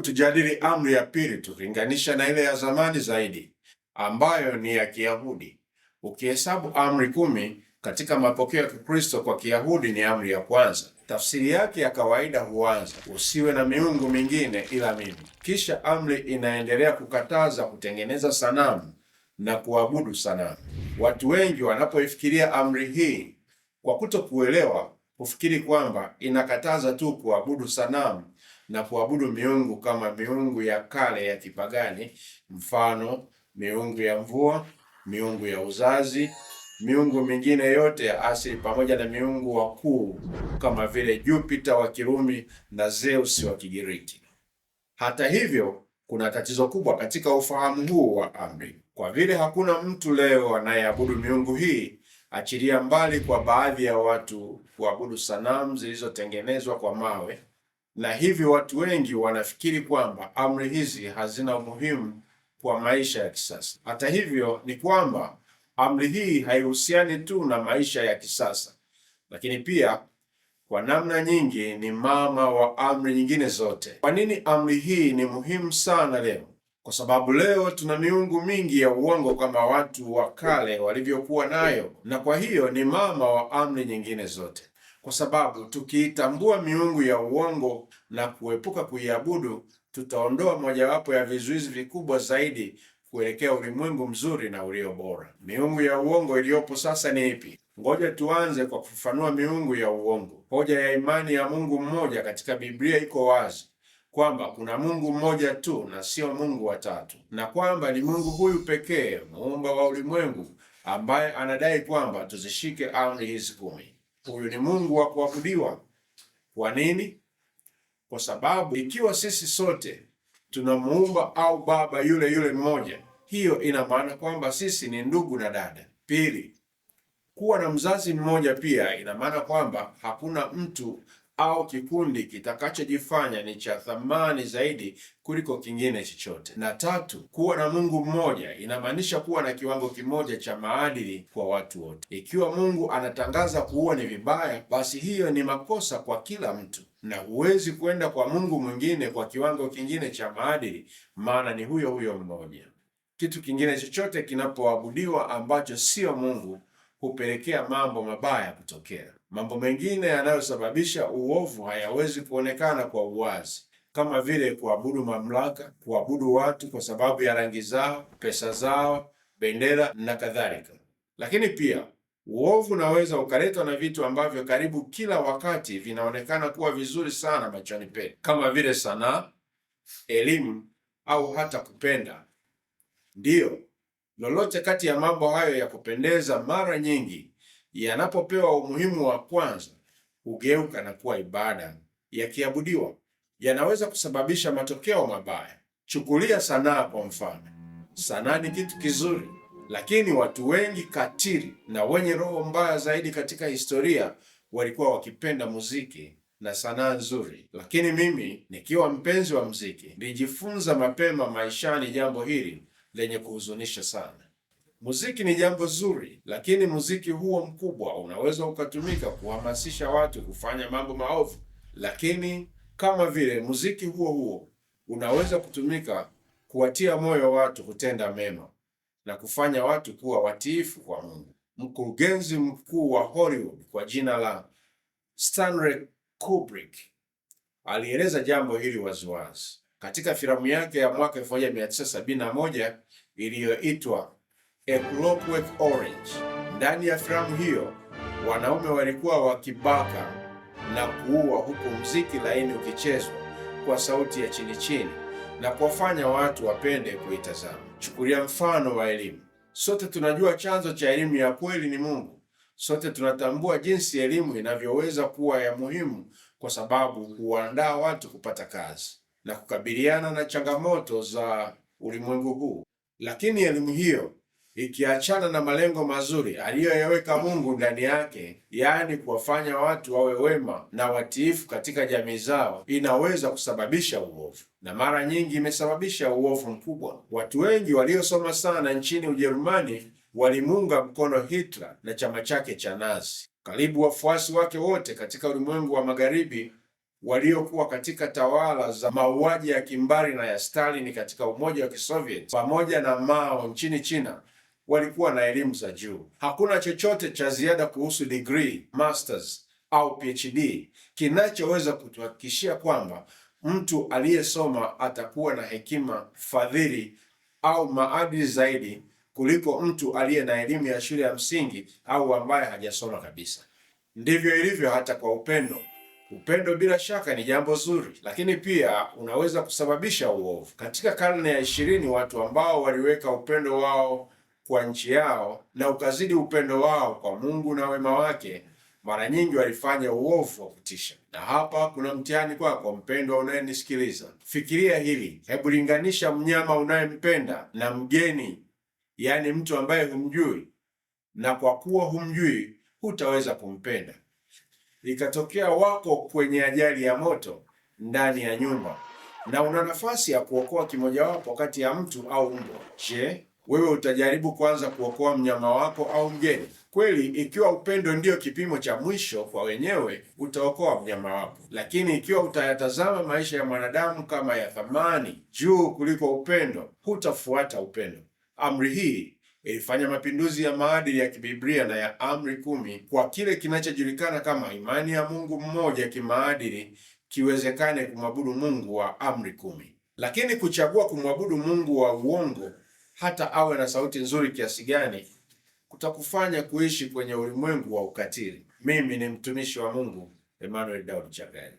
tujadili amri ya pili tukilinganisha na ile ya zamani zaidi ambayo ni ya Kiyahudi. Ukihesabu amri kumi katika mapokeo ya Kikristo kwa Kiyahudi ni amri ya kwanza. Tafsiri yake ya kawaida huanza usiwe na miungu mingine ila mimi. Kisha amri inaendelea kukataza kutengeneza sanamu na kuabudu sanamu. Watu wengi wanapoifikiria amri hii kwa kutokuelewa, hufikiri kwamba inakataza tu kuabudu sanamu na kuabudu miungu kama miungu ya kale ya kipagani, mfano miungu ya mvua, miungu ya uzazi, miungu mingine yote ya asili, pamoja na miungu wakuu kama vile Jupiter wa Kirumi na Zeus wa Kigiriki. Hata hivyo, kuna tatizo kubwa katika ufahamu huu wa amri, kwa vile hakuna mtu leo anayeabudu miungu hii, achilia mbali kwa baadhi ya watu kuabudu sanamu zilizotengenezwa kwa mawe na hivi watu wengi wanafikiri kwamba amri hizi hazina umuhimu kwa maisha ya kisasa. Hata hivyo, ni kwamba amri hii haihusiani tu na maisha ya kisasa, lakini pia kwa namna nyingi ni mama wa amri nyingine zote. Kwa nini amri hii ni muhimu sana leo? Kwa sababu leo tuna miungu mingi ya uongo kama watu wa kale walivyokuwa nayo, na kwa hiyo ni mama wa amri nyingine zote kwa sababu tukiitambua miungu ya uongo na kuepuka kuiabudu, tutaondoa mojawapo ya vizuizi vikubwa zaidi kuelekea ulimwengu mzuri na ulio bora. Miungu ya uongo iliyopo sasa ni ipi? Ngoja tuanze kwa kufafanua miungu ya uongo. Hoja ya imani ya Mungu mmoja katika Biblia iko wazi kwamba kuna Mungu mmoja tu na sio Mungu watatu, na kwamba ni Mungu huyu pekee muumba wa ulimwengu ambaye anadai kwamba tuzishike amri hizi kumi. Huyu ni Mungu wa kuabudiwa. Kwa nini? Kwa sababu ikiwa sisi sote tuna muumba au baba yule yule mmoja, hiyo ina maana kwamba sisi ni ndugu na dada. Pili, kuwa na mzazi mmoja pia ina maana kwamba hakuna mtu au kikundi kitakachojifanya ni cha thamani zaidi kuliko kingine chochote. Na tatu, kuwa na Mungu mmoja inamaanisha kuwa na kiwango kimoja cha maadili kwa watu wote. Ikiwa Mungu anatangaza kuua ni vibaya, basi hiyo ni makosa kwa kila mtu, na huwezi kwenda kwa Mungu mwingine kwa kiwango kingine cha maadili, maana ni huyo huyo mmoja. Kitu kingine chochote kinapoabudiwa ambacho siyo Mungu hupelekea mambo mabaya kutokea. Mambo mengine yanayosababisha uovu hayawezi kuonekana kwa uwazi kama vile kuabudu mamlaka, kuabudu watu kwa sababu ya rangi zao, pesa zao, bendera na kadhalika. Lakini pia uovu unaweza ukaletwa na vitu ambavyo karibu kila wakati vinaonekana kuwa vizuri sana machoni petu, kama vile sanaa, elimu au hata kupenda. Ndiyo, Lolote kati ya mambo hayo ya kupendeza, mara nyingi yanapopewa umuhimu wa kwanza, hugeuka na kuwa ibada. Yakiabudiwa yanaweza kusababisha matokeo mabaya. Chukulia sanaa kwa mfano. Sanaa ni kitu kizuri, lakini watu wengi katili na wenye roho mbaya zaidi katika historia walikuwa wakipenda muziki na sanaa nzuri. Lakini mimi nikiwa mpenzi wa muziki, nilijifunza mapema maishani jambo hili lenye kuhuzunisha sana. Muziki ni jambo zuri, lakini muziki huo mkubwa unaweza ukatumika kuhamasisha watu kufanya mambo maovu, lakini kama vile muziki huo huo unaweza kutumika kuwatia moyo watu kutenda mema na kufanya watu kuwa watiifu kwa Mungu. Mkurugenzi mkuu wa Hollywood kwa jina la Stanley Kubrick alieleza jambo hili waziwazi katika filamu yake ya mwaka 1971 iliyoitwa A Clockwork Orange. Ndani ya filamu hiyo wanaume walikuwa wakibaka na kuua huku mziki laini ukichezwa kwa sauti ya chini chini na kuwafanya watu wapende kuitazama. Chukulia mfano wa elimu. Sote tunajua chanzo cha elimu ya kweli ni Mungu. Sote tunatambua jinsi elimu inavyoweza kuwa ya muhimu kwa sababu huandaa watu kupata kazi na kukabiliana na changamoto za ulimwengu huu, lakini elimu hiyo ikiachana na malengo mazuri aliyoyaweka Mungu ndani yake, yaani kuwafanya watu wawe wema na watiifu katika jamii zao, inaweza kusababisha uovu, na mara nyingi imesababisha uovu mkubwa. Watu wengi waliosoma sana nchini Ujerumani walimuunga mkono Hitler na chama chake cha Nazi. Karibu wafuasi wake wote katika ulimwengu wa magharibi waliokuwa katika tawala za mauaji ya kimbari na ya Stalin katika Umoja wa Kisoviet pamoja na Mao nchini China walikuwa na elimu za juu. Hakuna chochote cha ziada kuhusu degree, masters au PhD kinachoweza kutuhakikishia kwamba mtu aliyesoma atakuwa na hekima, fadhili au maadili zaidi kuliko mtu aliye na elimu ya shule ya msingi au ambaye hajasoma kabisa. Ndivyo ilivyo hata kwa upendo. Upendo bila shaka ni jambo zuri, lakini pia unaweza kusababisha uovu. Katika karne ya ishirini, watu ambao waliweka upendo wao kwa nchi yao na ukazidi upendo wao kwa Mungu na wema wake, mara nyingi walifanya uovu wa kutisha. Na hapa kuna mtihani kwako, mpendwa unayenisikiliza. Fikiria hili, hebu linganisha mnyama unayempenda na mgeni, yaani mtu ambaye humjui, na kwa kuwa humjui, hutaweza kumpenda likatokea wako kwenye ajali ya moto ndani ya nyumba na una nafasi ya kuokoa kimojawapo kati ya mtu au mbwa, je, wewe utajaribu kwanza kuokoa mnyama wako au mgeni? Kweli, ikiwa upendo ndiyo kipimo cha mwisho kwa wenyewe, utaokoa mnyama wako, lakini ikiwa utayatazama maisha ya mwanadamu kama ya thamani juu kuliko upendo, hutafuata upendo. Amri hii ilifanya mapinduzi ya maadili ya kibiblia na ya amri kumi kwa kile kinachojulikana kama imani ya Mungu mmoja kimaadili kiwezekane kumwabudu Mungu wa amri kumi. Lakini kuchagua kumwabudu Mungu wa uongo, hata awe na sauti nzuri kiasi gani, kutakufanya kuishi kwenye ulimwengu wa ukatili. Mimi ni mtumishi wa Mungu Emmanuel Daudi Chagani.